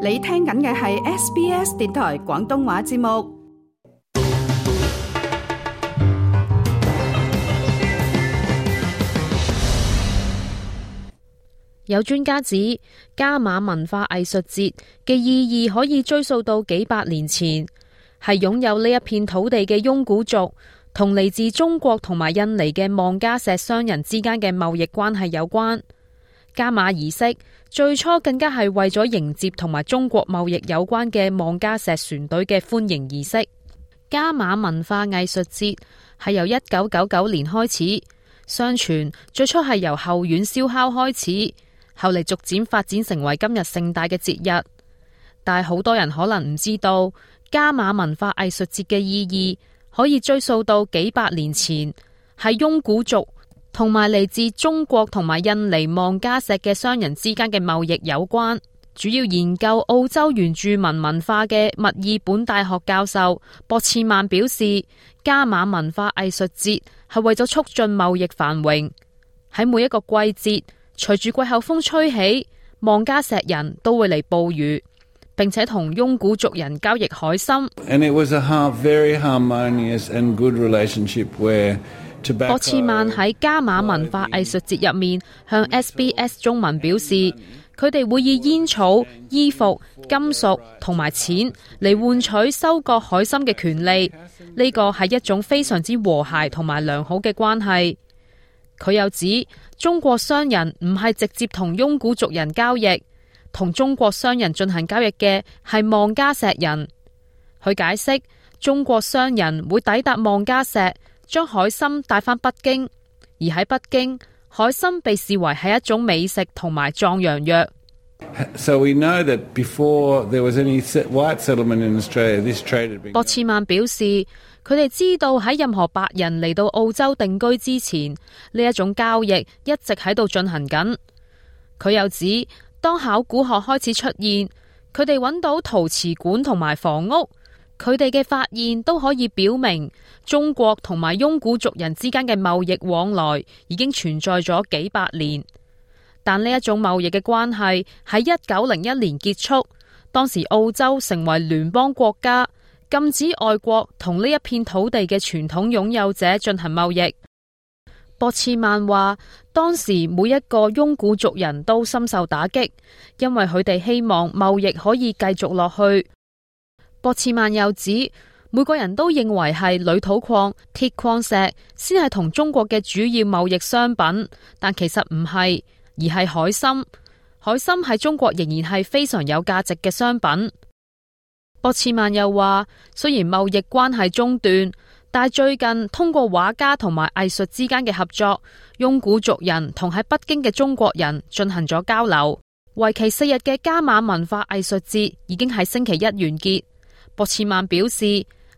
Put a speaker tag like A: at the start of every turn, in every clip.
A: 你聽緊嘅係 SBS 電台廣東話節目。有專家指，伽馬文化藝術節嘅意義可以追溯到幾百年前，係擁有呢一片土地嘅雍古族，同嚟自中國同埋印尼嘅望加錫商人之間嘅貿易關係有關。伽馬儀式最初更加係為咗迎接同埋中國貿易有關嘅望加錫船隊嘅歡迎儀式。伽馬文化藝術節係由一九九九年開始，相傳最初係由後院燒烤開始，後嚟逐漸發展成為今日盛大嘅節日。但係好多人可能唔知道，伽馬文化藝術節嘅意義可以追溯到幾百年前，係雍古族，同埋嚟自中國同埋印尼望加錫嘅商人之間嘅貿易有關。主要研究澳洲原住民文化嘅墨爾本大學教授博茨曼表示，伽馬文化藝術節係為咗促進貿易繁榮。喺每一個季節，隨住季候風吹起，望加錫人都會嚟捕魚，並且同雍古族人交易海參。博茨曼喺加馬文化藝術節入面向 SBS 中文表示，佢哋會以煙草、衣服、金屬同埋錢嚟換取收割海參嘅權利。呢個係一種非常之和諧同埋良好嘅關係。佢又指，中國商人唔係直接同雍古族人交易，同中國商人進行交易嘅係望加錫人。佢解釋，中國商人會抵達望加錫。將海參帶返北京，而喺北京，海參被視為係一種美食同埋壯陽藥。So we know that before there was any white settlement in Australia, this trade had been going on. 博茨曼表示，佢哋知道喺任何白人嚟到澳洲定居之前，呢種交易一直喺度進行緊。佢又指，當考古學開始出現，佢哋揾到陶瓷罐同埋房屋。佢哋嘅發現都可以表明，中國同埋雍古族人之間嘅貿易往來已經存在咗幾百年。但呢一種貿易嘅關係喺一九零一年結束，當時澳洲成為聯邦國家，禁止外國同呢一片土地嘅傳統擁有者進行貿易。博茨曼話：當時每一個雍古族人都深受打擊，因為佢哋希望貿易可以繼續落去。博茨曼又指，每個人都認為係鋁土礦、鐵礦石先係同中國嘅主要貿易商品，但其實唔係，而係海參。海參喺中國仍然係非常有價值嘅商品。博茨曼又話，雖然貿易關係中斷，但係最近通過畫家同埋藝術之間嘅合作，雍古族人同喺北京嘅中國人進行咗交流。為期四日嘅伽馬文化藝術節已經喺星期一完結。博茨曼表示，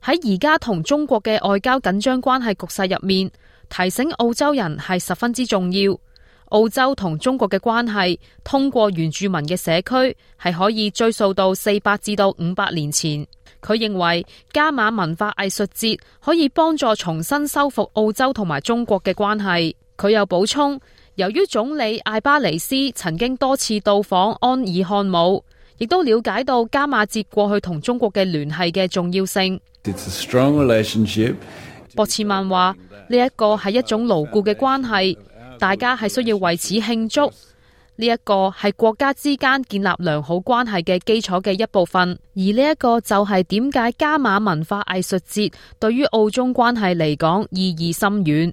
A: 喺而家同中國嘅外交緊張關係局勢入面，提醒澳洲人係十分之重要。澳洲同中國嘅關係通過原住民嘅社區係可以追溯到四百至到五百年前。佢認為伽馬文化藝術節可以幫助重新修復澳洲同埋中國嘅關係。佢又補充，由於總理艾巴尼斯曾經多次到訪安爾漢姆。亦都了解到伽馬節過去同中國嘅聯繫嘅重要性。博茨曼話：呢一個係一種牢固嘅關係，大家係需要為此慶祝。呢一個係國家之間建立良好關係嘅基礎嘅一部分，而呢一個就係點解伽馬文化藝術節對於澳中關係嚟講意義深遠。